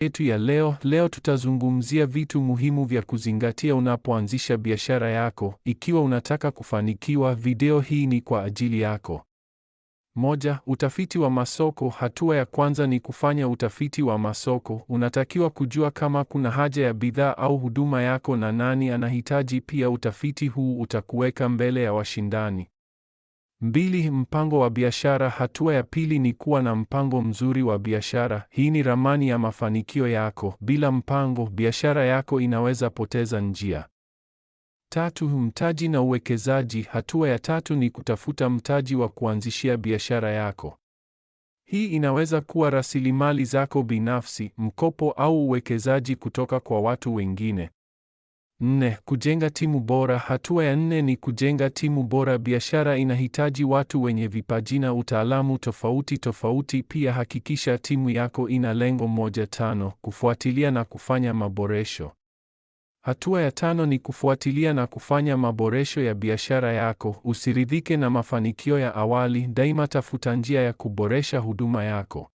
yetu ya leo. Leo tutazungumzia vitu muhimu vya kuzingatia unapoanzisha biashara yako ikiwa unataka kufanikiwa. Video hii ni kwa ajili yako. Moja, utafiti wa masoko. Hatua ya kwanza ni kufanya utafiti wa masoko. Unatakiwa kujua kama kuna haja ya bidhaa au huduma yako na nani anahitaji. Pia utafiti huu utakuweka mbele ya washindani. Mbili, mpango wa biashara. Hatua ya pili ni kuwa na mpango mzuri wa biashara. Hii ni ramani ya mafanikio yako. Bila mpango, biashara yako inaweza poteza njia. Tatu, mtaji na uwekezaji. Hatua ya tatu ni kutafuta mtaji wa kuanzishia biashara yako. Hii inaweza kuwa rasilimali zako binafsi, mkopo au uwekezaji kutoka kwa watu wengine. Nne, kujenga timu bora. Hatua ya nne ni kujenga timu bora. Biashara inahitaji watu wenye vipaji na utaalamu tofauti tofauti. Pia hakikisha timu yako ina lengo moja. Tano, kufuatilia na kufanya maboresho. Hatua ya tano ni kufuatilia na kufanya maboresho ya biashara yako. Usiridhike na mafanikio ya awali, daima tafuta njia ya kuboresha huduma yako.